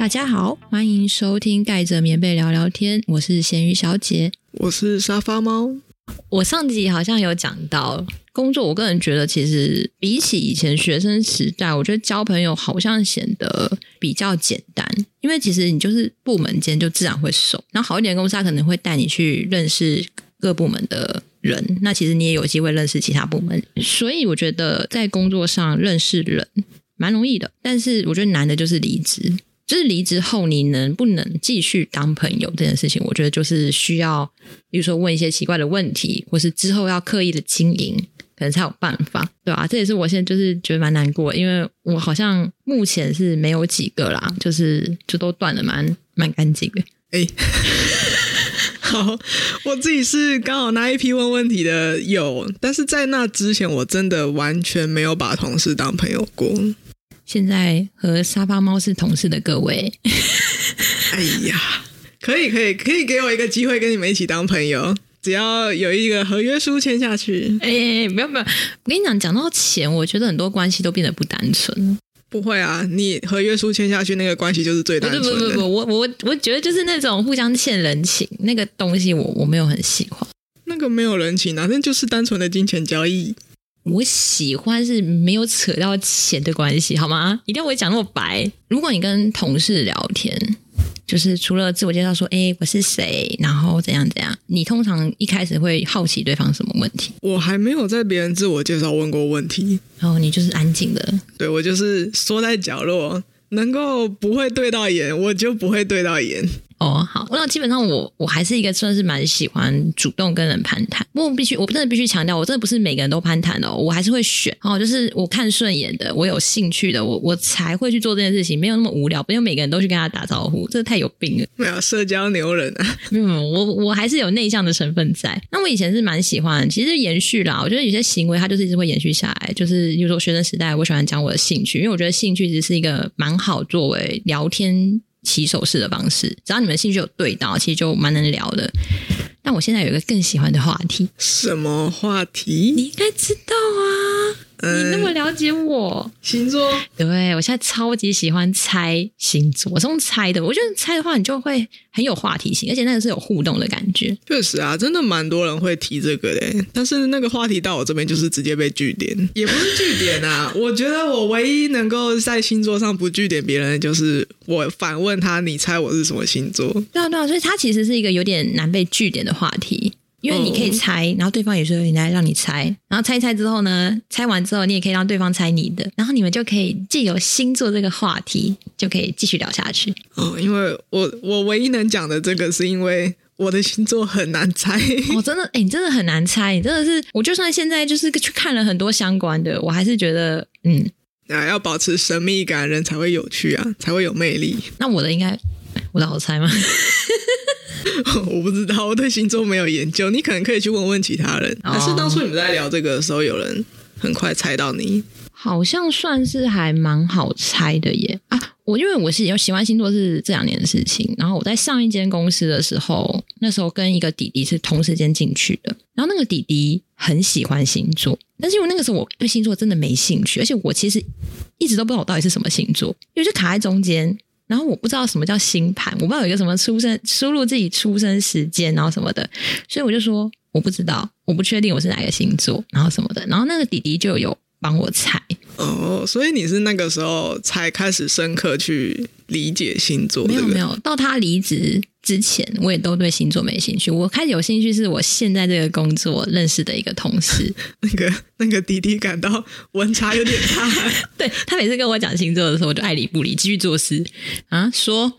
大家好，歡迎收聽《蓋着棉被聊聊天》，我是鹹魚小姐，我是沙發貓。我上集好像有講到工作，我個人覺得其實比起以前學生時代，我覺得交朋友好像顯得比較簡單。因為其實你就是部門間就自然會熟，然後好一點的公司，他可能會帶你去認識各部門的人，那其實你也有機會認識其他部門。所以我覺得在工作上認識人蠻容易的，但是我覺得難的就是離職，就是離職後你能不能繼續當朋友這件事情，我覺得就是需要，比如說問一些奇怪的問題，或是之後要刻意的經營。可能才有辦法，對吧、啊？這也是我現在就是覺得蠻難過，因為我好像目前是沒有幾個啦，就是就都斷的蠻蠻乾淨的。哎、欸， 好，我自己是剛好拿一批問問題的有，但是在那之前我真的完全沒有把同事當朋友過。現在和沙發貓是同事的各位， 哎呀，可以可以可以給我一個機會跟你們一起當朋友。只要有一個合約書簽下去，哎、欸欸欸，不要不要，我跟你講，講到錢，我覺得很多關係都變得不單純。不會啊，你合約書簽下去，那個關係就是最單純的不不,不不不，我我我覺得就是那種互相欠人情那個東西我，我我沒有很喜歡。那個沒有人情啊，那就是單純的金錢交易。我喜歡是沒有扯到錢的關係，好嗎？一定要我講那麼白。如果你跟同事聊天。就是除了自我介紹說，誒，我是誰，然後怎樣怎樣。你通常一開始會好奇對方什麼問題？我還沒有在別人自我介紹問過問題。然後、哦、你就是安靜的，對，我就是縮在角落，能夠不會對到眼，我就不會對到眼。哦，好，那基本上我我還是一個算是蠻喜歡主動跟人攀談，不過必須我真的必須強調，我真的不是每個人都攀談的，哦，我還是會選，然後，哦，就是我看順眼的，我有興趣的，我我才會去做這件事情，沒有那麼無聊，不用每個人都去跟他打招呼，這太有病了，沒有社交牛人啊，沒有，我我還是有內向的成分在。那我以前是蠻喜歡，其實延續啦，我覺得有些行為它就是一直會延續下來，就是比如說學生時代，我喜歡講我的興趣，因為我覺得興趣其實是一個蠻好作為聊天起手式的方式，只要你們興趣有對到，其實就蠻能聊的。但我現在有一個更喜歡的話題，什麼話題？你應該知道啊。你那麼了解我、嗯、星座？對，我現在超級喜歡猜星座，我是用猜的。我覺得猜的話，你就會很有話題性，而且那個是有互動的感覺。確實啊，真的蠻多人會提這個的，但是那個話題到我這邊就是直接被句點，也不是句點啊。 我覺得我唯一能夠在星座上不句點別人，就是我反問他：“你猜我是什麼星座？”對啊，對啊，所以他其實是一個有點難被句點的話題。因為你可以猜，哦、然後對方也是人家讓你猜，然後猜一猜之後呢，猜完之後你也可以讓對方猜你的，然後你們就可以藉由星座這個話題就可以繼續聊下去。哦，因為我我唯一能講的這個是因為我的星座很難猜，我、哦、真的哎、欸，你真的很難猜，你真的是我就算現在就是去看了很多相關的，我還是覺得嗯啊，要保持神秘感人才會有趣啊，才會有魅力。那我的應該我的好猜嗎？ 我不知道，我對星座沒有研究。你可能可以去問問其他人。但、Oh. 是當初你們在聊這個的時候，有人很快猜到你，好像算是還蠻好猜的耶。啊，我因為我是有喜歡星座是這兩年的事情，然後我在上一間公司的時候，那時候跟一個弟弟是同時間進去的，然後那個弟弟很喜歡星座，但是因為那個時候我對星座真的沒興趣，而且我其實一直都不知道我到底是什麼星座，因為就卡在中間。然後我不知道什麼叫星盤，我不知道有一個什麼出生，輸入自己出生時間然後什麼的，所以我就說我不知道，我不確定我是哪個星座，然後什麼的。然後那個弟弟就有。幫我猜哦，oh, 所以你是那個時候才開始深刻去理解星座，這個？沒有，沒有。到他離職之前，我也都對星座沒興趣。我開始有興趣，是我現在這個工作認識的一個同事， 那個那個弟弟感到溫差有點大。 對，他每次跟我講星座的時候，我就愛理不理，繼續做事啊。說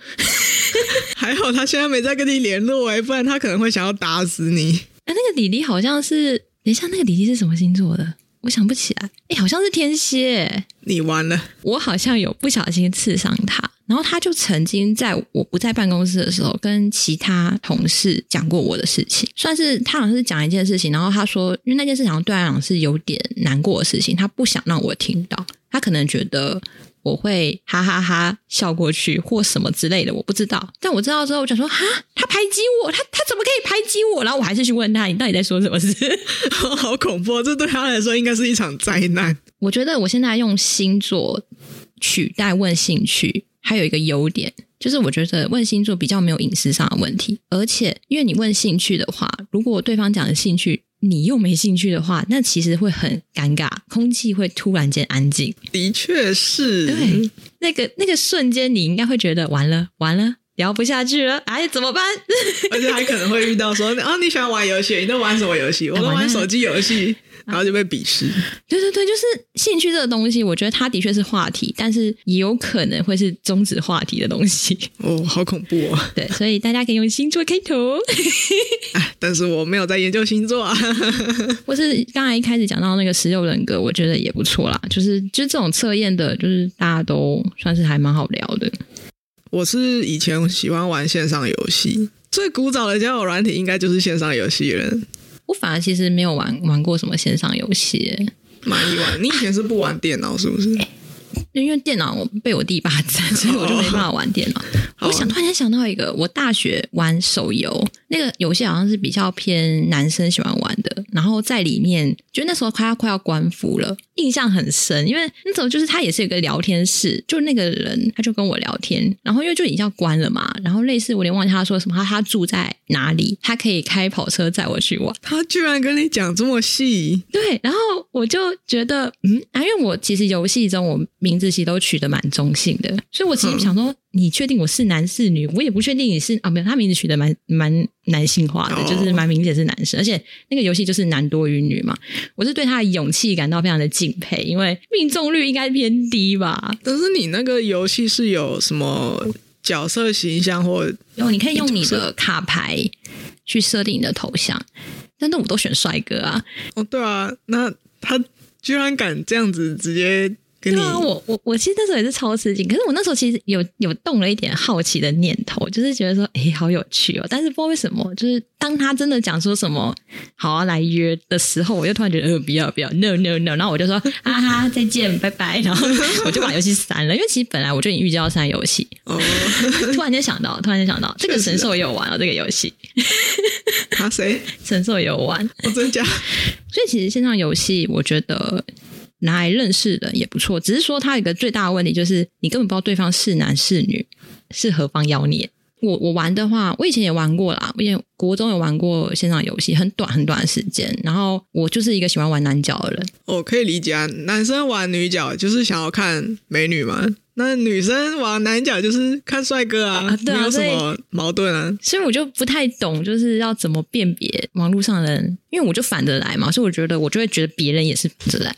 還好他現在沒在跟你聯絡，欸，不然他可能會想要打死你。哎、欸，那個弟弟好像是，等一下，那個弟弟是什麼星座的？我想不起來，哎，好像是天蠍，你完了。我好像有不小心刺傷他，然後他就曾經在我不在辦公室的時候，跟其他同事講過我的事情，算是他好像是講一件事情，然後他說，因為那件事好像對他來講是有點難過的事情，他不想讓我聽到，他可能覺得。我會哈、哈哈哈笑過去或什麼之類的，我不知道。但我知道之後，我就說哈，他排擠我，他他怎麼可以排擠我？然後我還是去問他，你到底在說什麼事？好、好恐怖哦，這對他來說應該是一場災難。我覺得我現在用星座取代問興趣，還有一個優點就是，我覺得問星座比較沒有隱私上的問題，而且因為你問興趣的話，如果對方講的興趣。你又沒興趣的話，那其實會很尷尬，空氣會突然間安靜。的確是，對，那個那個瞬間，你應該會覺得完了，完了，聊不下去了，哎，怎麼辦？而且還可能會遇到說，啊、 哦，你喜歡玩遊戲，你都玩什麼遊戲？ 我都玩手機遊戲。 然後就被鄙視、啊。對對對，就是興趣這個東西，我覺得它的確是話題，但是也有可能會是終止話題的東西。哦，好恐怖哦。對，所以大家可以用星座開頭。 哎、但是我沒有在研究星座。啊， 我是剛才一開始講到那個十六人格，我覺得也不錯啦。就是，就這種測驗的，就是大家都算是還蠻好聊的。我是以前喜歡玩線上遊戲，嗯、最古早的交友軟體應該就是線上遊戲人。我反而其實沒有玩玩過什麼線上遊戲，蠻意外。你以前是不玩電腦，是不是？ 因為電腦我被我弟霸占，所以我就沒辦法玩電腦。我想突然間想到一個，我大學玩手遊，那個遊戲好像是比較偏男生喜歡玩的。然後在裡面，就那時候快要快要關服了，印象很深。因為那時候就是他也是一個聊天室，就那個人他就跟我聊天。然後因為就已經要關了嘛，然後類似我連忘記他說什麼，他住在哪裡，他可以開跑車載我去玩。他居然跟你講這麼細？對，然後我就覺得嗯啊，因為我其實遊戲中我。名字其實都取得蠻中性的，所以我其實想說，你確定我是男是女？嗯、我也不確定你是啊，沒有，他名字取得蠻蠻男性化的，就是蠻明顯是男生，哦、而且那個遊戲就是男多於女嘛。我是對他的勇氣感到非常的敬佩，因為命中率應該偏低吧？但是你那個遊戲是有什麼角色形象或？哦，有，你可以用你的卡牌去設定你的頭像，但那我們都選帥哥啊！哦，對啊，那他居然敢這樣子直接。跟對啊，我我我其實那時候也是超吃驚，可是我那時候其實有有動了一點好奇的念頭，就是覺得說，哎，好有趣哦！但是不知道為什麼，就是當他真的講說什麼好啊來約的時候，我又突然覺得、呃、不要不要，no no no，然後我就說，哈、啊、哈，再見，對拜拜，然後我就把遊戲刪了，因為其實本來我就已經預計要刪遊戲哦，突然間想到，突然間想到，這個神獸也有玩了、哦、這個遊戲，誰、啊、 神獸也有玩？我真的假？所以其實線上遊戲，我覺得。拿來認識的也不錯，只是說它一個最大的問題就是，你根本不知道對方是男是女，是何方妖孽。我我玩的話，我以前也玩過啦，我以前國中有玩過線上遊戲，很短很短的時間。然後我就是一個喜歡玩男角的人，我、哦、可以理解啊，男生玩女角就是想要看美女嘛。那女生玩男角就是看帥哥啊，啊啊沒有什麼矛盾啊。所以我就不太懂，就是要怎麼辨別網絡上的人，因為我就反着來嘛。所以我覺得我就會覺得別人也是反着來。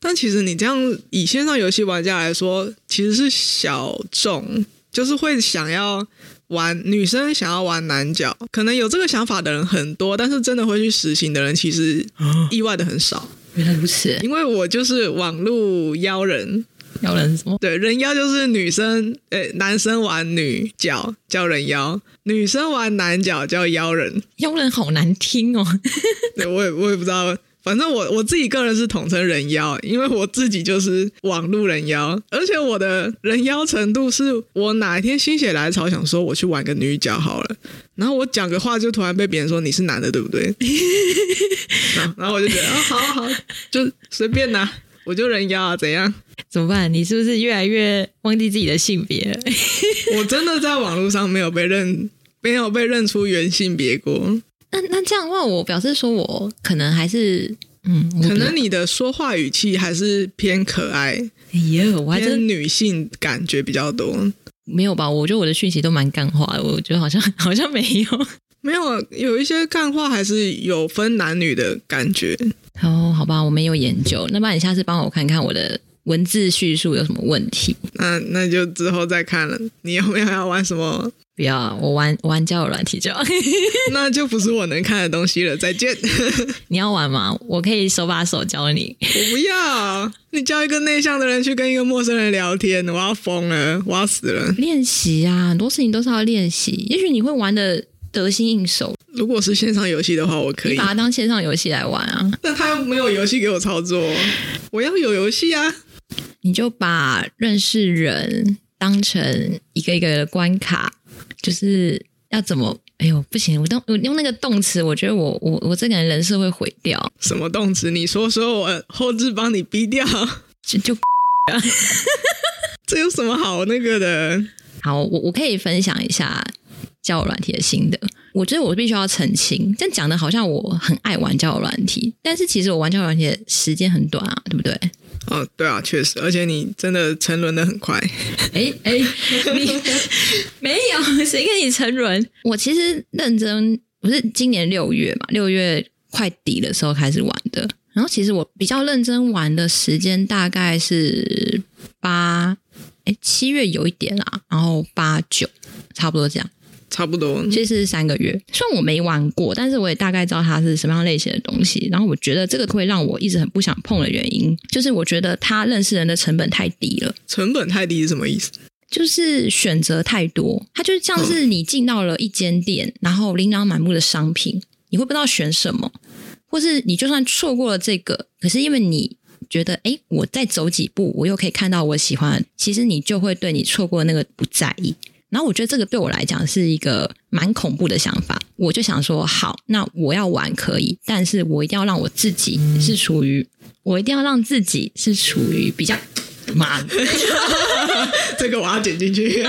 但其實你這樣以線上遊戲玩家來說，其實是小眾，就是會想要玩，女生想要玩男角，可能有這個想法的人很多，但是真的會去實行的人其實意外的很少。啊、原來如此，因為我就是網絡妖人。妖人是什麼？對，人妖就是女生，誒、欸，男生玩女角叫人妖，女生玩男角叫妖人。妖人好難聽哦。 對，我也我也不知道，反正我我自己個人是統稱人妖，因為我自己就是網路人妖，而且我的人妖程度是我哪一天心血來潮想說我去玩個女角好了，然後我講個話就突然被別人說你是男的，對不對？ 然後，然後我就覺得啊，好 好，好好，就隨便吶。我就人妖啊，怎樣？怎麼辦？你是不是越來越忘記自己的性別了？ 我真的在網絡上沒有被認，沒有被認出原性別過。那那這樣的話，我表示說我可能還是嗯，可能你的說話語氣還是偏可愛。哎呀，我還是女性感覺比較多。沒有吧？我覺得我的訊息都蠻幹話，我覺得好像好像沒有。沒有，有一些看話還是有分男女的感覺哦。Oh, 好吧，我沒有研究。那不然你下次幫我看看我的文字敘述有什麼問題？那那就之後再看了。你有沒有要玩什麼？不要，我玩玩交友軟體就。 那就不是我能看的東西了。再見。 你要玩嗎？我可以手把手教你。我不要。你叫一個內向的人去跟一個陌生人聊天，我要瘋了，我要死了。練習啊，很多事情都是要練習。也許你會玩的。得心應手。如果是線上遊戲的話，我可以你把它當線上遊戲來玩啊。但他又沒有遊戲給我操作， 我要有遊戲啊！你就把認識人當成一個一個、一個的關卡，就是要怎麼？哎呦，不行！我動，我用那個動詞，我覺得我我我這個人設會毀掉。什麼動詞？你說說，我後製幫你逼掉就就，就 X X 啊。 這有什麼好那個的？好，我我可以分享一下，交友軟體的心得，我覺得我必須要澄清，這樣講的好像我很愛玩交友軟體，但是其實我玩交友軟體的時間很短啊，對不對？哦，對啊，確實，而且你真的沉淪的很快。哎哎，你 沒有誰跟你沉淪？ 我其實認真，不是今年六月嘛，六月快底的時候開始玩的，然後其實我比較認真玩的時間大概是八，哎七月有一點啦，啊，然後八九，差不多這樣。差不多，嗯、其實是三個月。雖然我沒玩過，但是我也大概知道它是什麼樣類型的東西。然後我覺得這個會讓我一直很不想碰的原因，就是我覺得他認識人的成本太低了。成本太低是什麼意思？就是選擇太多，它就像是你進到了一間店，然後琳琅滿目的商品，你會不知道選什麼，或是你就算錯過了這個，可是因為你覺得，誒、欸，我再走幾步，我又可以看到我喜歡，其實你就會對你錯過的那個不在意。然後我覺得這個對我來講是一個蠻恐怖的想法，我就想說，好，那我要玩可以，但是我一定要讓我自己是屬於，嗯、我一定要讓自己是處於比較，媽的 這個我要剪進去。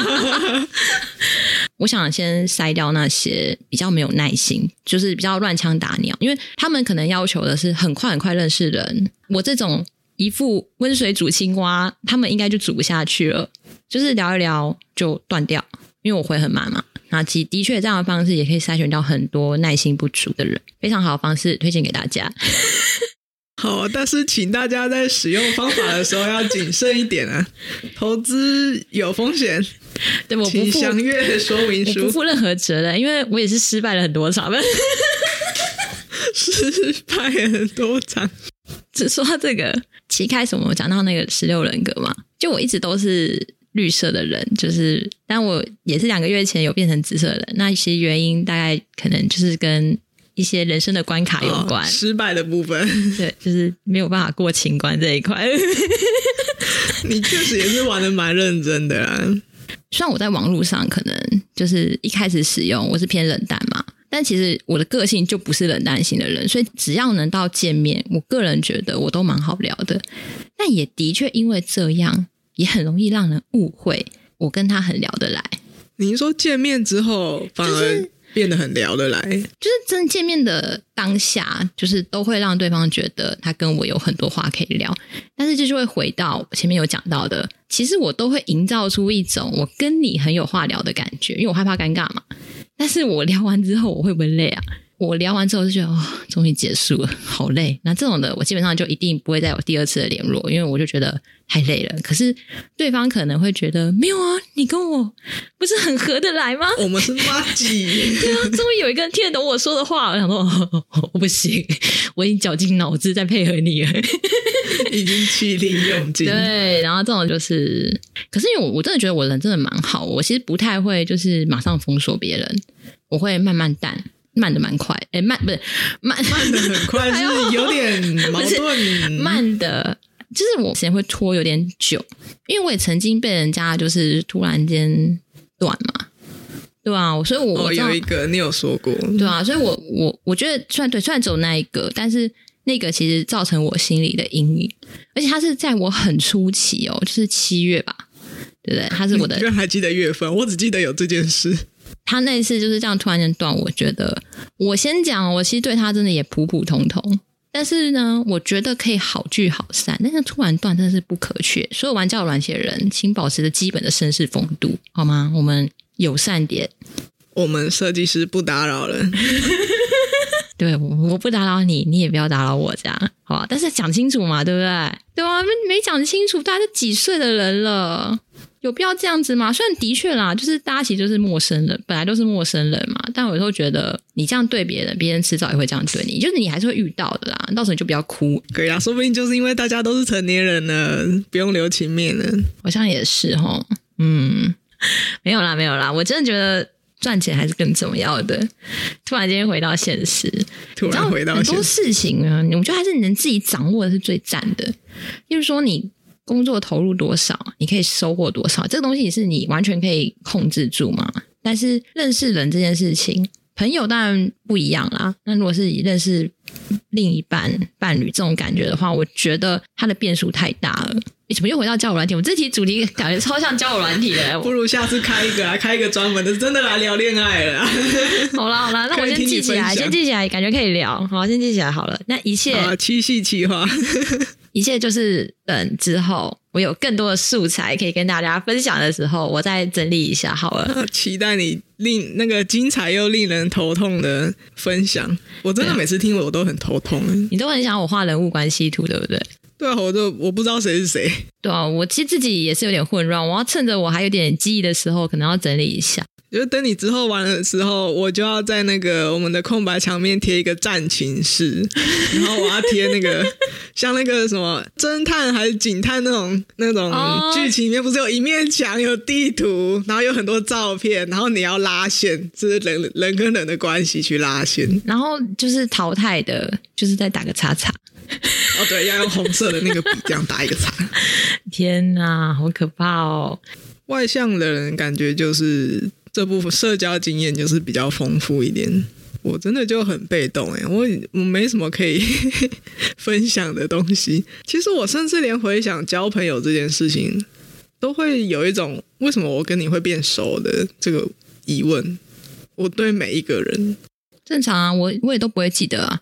我想先篩掉那些比較沒有耐心，就是比較亂槍打鳥，因為他們可能要求的是很快很快認識人，我這種一副溫水煮青蛙，他們應該就煮不下去了。就是聊一聊就斷掉，因為我回很慢嘛。那其的確這樣的方式也可以篩選到很多耐心不足的人，非常好的方式，推薦給大家。好，但是請大家在使用方法的時候要謹慎一點啊！投資有風險， 對我不付，請詳閱說明書，不負任何責任，因為我也是失敗了很多場， 失敗很多場。只說這個，其開始我們講到那個十六人格嘛，就我一直都是。綠色的人，就是但我也是兩個月前有變成紫色的人。那一些原因大概可能就是跟一些人生的關卡有關，哦、失敗的部分，對，就是沒有辦法過情關這一塊。 你確實也是玩得蠻認真的啦。雖然我在網絡上可能就是一開始使用我是偏冷淡嘛，但其實我的個性就不是冷淡型的人，所以只要能到見面，我個人覺得我都蠻好聊的。但也的確因為這樣。也很容易讓人誤會，我跟他很聊得來。你說見面之後反而變得很聊得來，就是、就是真見面的當下，就是都會讓對方覺得他跟我有很多話可以聊。但是就是會回到前面有講到的，其實我都會營造出一種我跟你很有話聊的感覺，因為我害怕尷尬嘛。但是我聊完之後，我會不會累啊？我聊完之後就覺得，哦，終於結束了，好累。那這種的，我基本上就一定不會再有第二次的聯絡，因為我就覺得太累了。可是對方可能會覺得，沒有啊，你跟我不是很合得來嗎？我們是麻吉。對啊，終於有一個人聽得懂我說的話了。想說我不行，我已經絞盡腦汁在配合你了，已經去利用盡。對，然後這種就是，可是因為我我真的覺得我的人真的蠻好，我其實不太會就是馬上封鎖別人，我會慢慢淡。慢的蠻快的，哎、欸，慢不是慢，慢的很快， 有是有點矛盾。慢的，就是我時間會拖有點久，因為我也曾經被人家就是突然間斷嘛，對啊，所以我、哦、有一個，你有說過，對啊，所以我我我覺得，雖然對，雖然只有那一個，但是那個其實造成我心裡的陰影，而且他是在我很初期哦，就是七月吧，對不對？他是我的，你、嗯、居然還記得月份？我只記得有這件事。他那次就是這樣突然間斷，我覺得我先講，我其實對他真的也普普通通，但是呢，我覺得可以好聚好散，但是突然斷真的是不可取。所有玩交友軟體的人，請保持著基本的紳士風度，好嗎？我們友善點，我們設計師不打擾了 對。對，我不打擾你，你也不要打擾我，這樣好吧。但是講清楚嘛，對不對？對啊，沒沒講清楚，大家幾歲的人了？有必要這樣子嗎？雖然的確啦，就是大家其實就是陌生人，本來都是陌生人嘛。但我有時候覺得你這樣對別人，別人遲早也會這樣對你，就是你還是會遇到的啦。到時候你就不要哭。對呀、啊，說不定就是因為大家都是成年人了，不用留情面了。我像也是哦。嗯，沒有啦，沒有啦，我真的覺得賺錢還是更重要的。突然間回到現實，突然回到現實。很多事情啊，我實覺得還是你能自己掌握的是最讚的。就是說你。工作投入多少，你可以收穫多少？這個東西是你完全可以控制住嘛？但是認識人這件事情，朋友當然不一樣啦。那如果是以認識另一半、伴侶這種感覺的話，我覺得它的變數太大了。你、嗯欸、怎麼又回到交友軟體？我這題主題感覺超像交友軟體的、欸，不如下次開一個，開一個專門的，真的來聊戀愛了。 好啦好啦，那我先記起來，先記起來，感覺可以聊，好，先記起來好了。那一切啊，七夕企劃。 一切就是，等，之後我有更多的素材可以跟大家分享的時候，我再整理一下好了。期待你令那個精彩又令人頭痛的分享。我真的每次聽了我都很頭痛、欸，啊、你都很想我畫人物關係圖，對不對？對啊，我就我不知道誰是誰。對啊，我其實自己也是有點混亂。我要趁着我還有點記憶的時候，可能要整理一下。就等你之後玩的時候，我就要在那個我們的空白牆面貼一個戰情室，然後我要貼那個 像那個什麼偵探還是警探那種那種劇情裡面，不是有一面牆有地圖，然後有很多照片，然後你要拉線，就是人人跟人的關係去拉線。然後就是淘汰的，就是在打個叉叉。 哦，對，要用紅色的那個筆這樣打一個叉。 天哪，好可怕哦！外向的人感覺就是，這部分社交經驗就是比較豐富一點，我真的就很被動哎、欸，我我沒什麼可以 分享的東西。其實我甚至連回想交朋友這件事情，都會有一種為什麼我跟你會變熟的這個疑問。我對每一個人，正常啊，我我也都不會記得啊。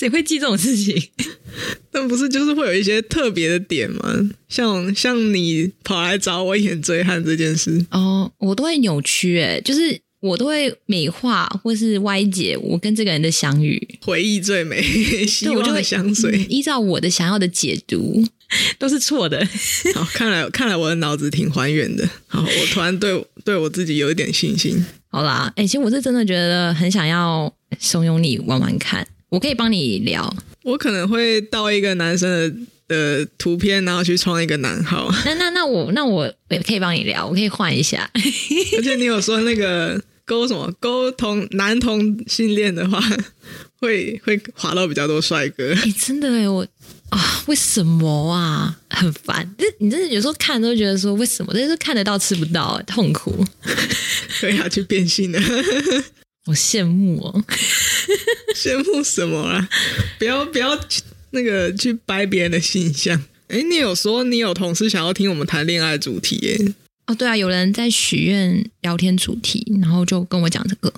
誰會記這種事情？ 那不是就是會有一些特別的點嗎？像像你跑來找我演醉漢這件事哦，我都會扭曲哎，就是我都會美化或是歪解我跟這個人的相遇。回憶最美，希望的香水依照我的想要的解讀 都是錯的。 好，看來看來我的腦子挺還原的。好，我突然對 對我自己有一點信心。好啦，哎、欸，其實我是真的覺得很想要慫恿你玩玩看。我可以幫你聊，我可能會盜一個男生的、呃、圖片，然後去創一個男號。那那那我那我也可以幫你聊，我可以換一下。 而且你有說那個勾什麼勾同男同性戀的話，會會滑到比較多帥哥。哎、欸，真的誒、欸、我啊，為什麼啊？很煩。這你真的有時候看都覺得說為什麼？但是看得到吃不到，痛苦。對， 要去變性了。 我羨慕哦、喔，羨慕什麼啊？不要不要，那個去掰別人的形象。哎、欸，你有說你有同事想要聽我們談戀愛主題、欸？耶？哦，對啊，有人在許願聊天主題，然後就跟我講這個，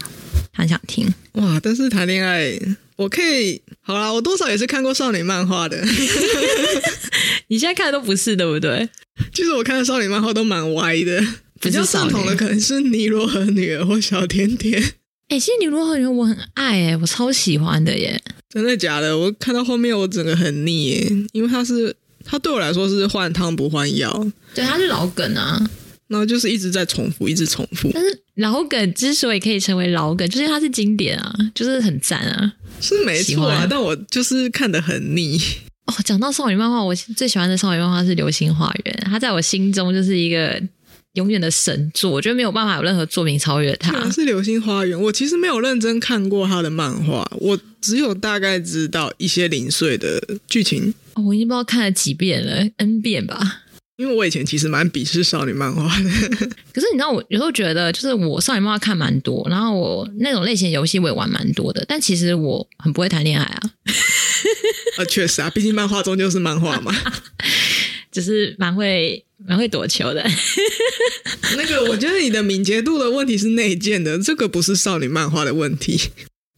他很想聽哇。但是談戀愛，我可以好啦，我多少也是看過少女漫畫的。 你現在看的都不是對不對？其實我看的少女漫畫都蠻歪的，不是少女。比較正統的可能是尼羅河女兒或小甜甜。哎，仙女羅漢園我很愛哎、欸，我超喜歡的耶！真的假的？我看到後面我整個很膩耶，因為他是他對我來說是換湯不換藥，對，他是老梗啊，然後就是一直在重複，一直重複。但是老梗之所以可以成為老梗，就是它是經典啊，就是很讚啊，是沒錯啊，但我就是看得很膩。哦，講到少女漫畫，我最喜歡的少女漫畫是《流星花園》，它在我心中就是一個。永遠的神作，我覺得沒有辦法有任何作品超越它。是《流星花園》，我其實沒有認真看過他的漫畫，我只有大概知道一些零碎的劇情。哦，我已經不知道看了幾遍了，N 遍吧。因為我以前其實蠻鄙視少女漫畫的，可是你知道，我有時候覺得，就是我少女漫畫看蠻多，然後我那種類型遊戲我也玩蠻多的，但其實我很不會談戀愛啊。啊，確實啊，畢竟漫畫終究是漫畫嘛。 只是蠻會蠻會躲球的， 那個我覺得你的敏捷度的問題是內建的，這個不是少女漫畫的問題。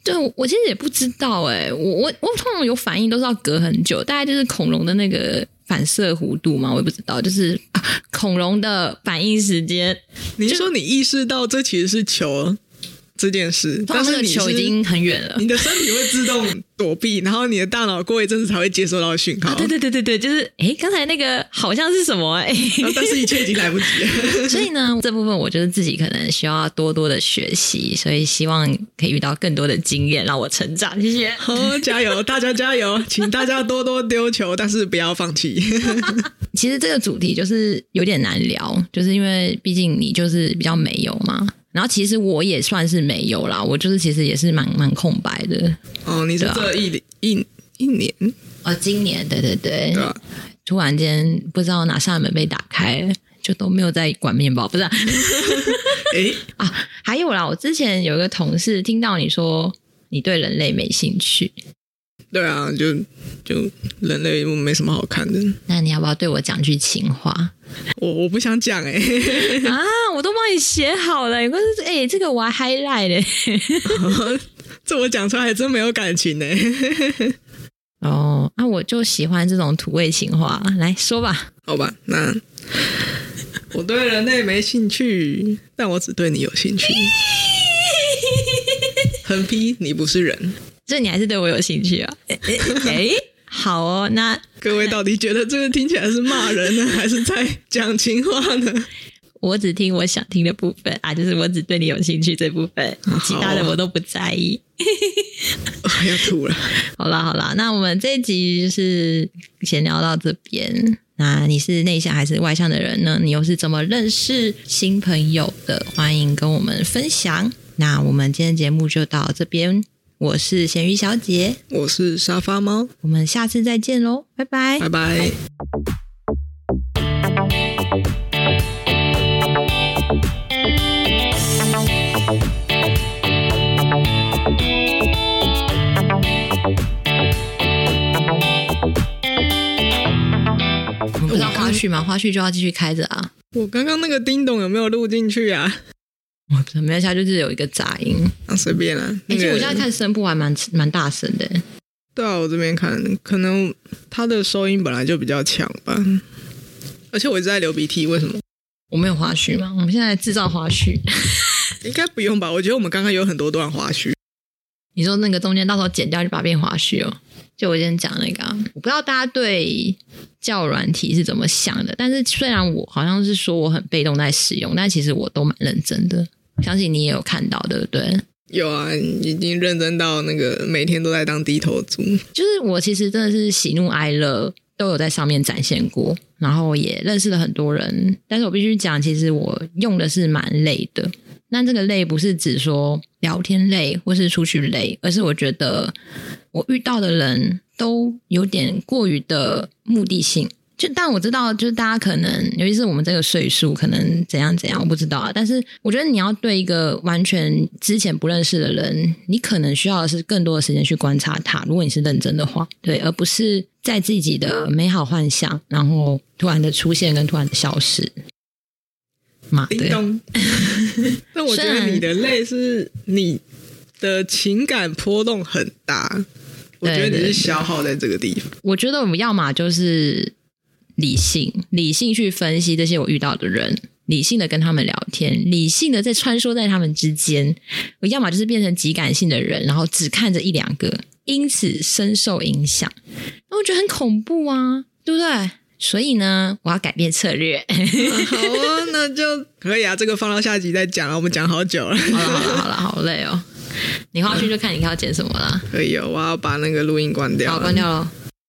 對，我其實也不知道哎、欸，我我我通常有反應都是要隔很久，大概就是恐龍的那個反射弧度嘛，我也不知道，就是、啊、恐龍的反應時間。你是說你意識到這其實是球？這件事，但是球已經很遠了。但是你是，你的身體會自動躲避， 然後你的大腦過一陣子才會接收到訊號。啊，對對對對對，就是誒剛才那個好像是什麼誒？哦，但是一切已經來不及了。 所以呢，這部分我就是自己可能需要多多的學習，所以希望可以遇到更多的經驗，讓我成長。謝謝，好，加油，大家加油，請大家多多丟球， 但是不要放棄。 其實這個主題就是有點難聊，就是因為畢竟你就是比較沒有嘛。然後其實我也算是沒有啦，我就是其實也是蠻蠻空白的。哦，你是這一、啊、一一年，哦，今年對對對，對啊、突然間不知道哪扇門被打開，對就都沒有在管麵包，不是、啊？哎、 欸、啊，還有啦，我之前有一個同事聽到你說你對人類沒興趣。對啊，就就人類沒什麼好看的。那你要不要對我講句情話？我我不想講哎、欸。 啊，我都幫你寫好了。哎、欸，這個我還 highlight 嘞、欸 哦。這我講出來還真沒有感情嘞、欸。 哦，那、啊、我就喜歡這種土味情話，來說吧。好吧，那 我對人類沒興趣，但我只對你有興趣。橫 批：你不是人。這你還是對我有興趣啊？哎、欸，欸，好哦。那各位到底覺得這個聽起來是罵人呢，還是在講情話呢？我只聽我想聽的部分啊，就是我只對你有興趣這部分，其他的我都不在意。我要吐了。好啦，好啦，那我們這一集就是先聊到這邊。那你是內向還是外向的人呢？你又是怎麼認識新朋友的？歡迎跟我們分享。那我們今天節目就到這邊。我是鹹魚小姐，我是沙發貓，我們下次再見嘍，拜拜，拜拜。拜拜。不知道花絮嘛，花絮就要繼續開着啊。我剛剛那個叮咚有沒有錄進去啊？我準備一下，就是有一個雜音。啊，隨便啊、那隨便啦。而且、欸、我現在看聲波還蠻蠻大聲的。對啊，我這邊看，可能他的收音本來就比較強吧。而且我一直在流鼻涕，為什麼？我沒有花絮嗎？我們現在制造花絮。 應該不用吧？我覺得我們剛剛有很多段花絮。你說那個中間到時候剪掉，就把它變花絮哦、喔。就我今天講那個、啊，我不知道大家對交軟體是怎麼想的。但是雖然我好像是說我很被動在使用，但其實我都蠻認真的。相信你也有看到，對不對？有啊，你已經認真到那個每天都在當低頭族。就是我其實真的是喜怒哀樂都有在上面展現過，然後也認識了很多人。但是我必須講，其實我用的是蠻累的。那這個累不是指說聊天累或是出去累，而是我覺得我遇到的人都有點過於的目的性。就但我知道，就是大家可能，尤其是我們這個歲數，可能怎樣怎樣，我不知道啊。但是我覺得你要對一個完全之前不認識的人，你可能需要的是更多的時間去觀察他。如果你是認真的話，對，而不是在自己的美好幻想，然後突然的出現跟突然的消失。媽的！但我覺得你的累是你的情感波動很大，我覺得你是消耗在這個地方。對對對對。我覺得我們要嘛就是。理性，理性去分析這些我遇到的人，理性的跟他們聊天，理性的在穿梭在他們之間。我要麼就是變成極感性的人，然後只看着一兩個，因此深受影響。那我覺得很恐怖啊，對不對？所以呢，我要改變策略。啊，好啊，那就可以啊。 這個放到下集再講了，我們講好久了。 好了好了，好累哦。 你下去就看你要看剪什麼了，嗯。可以哦，我要把那個錄音關掉。好，關掉了。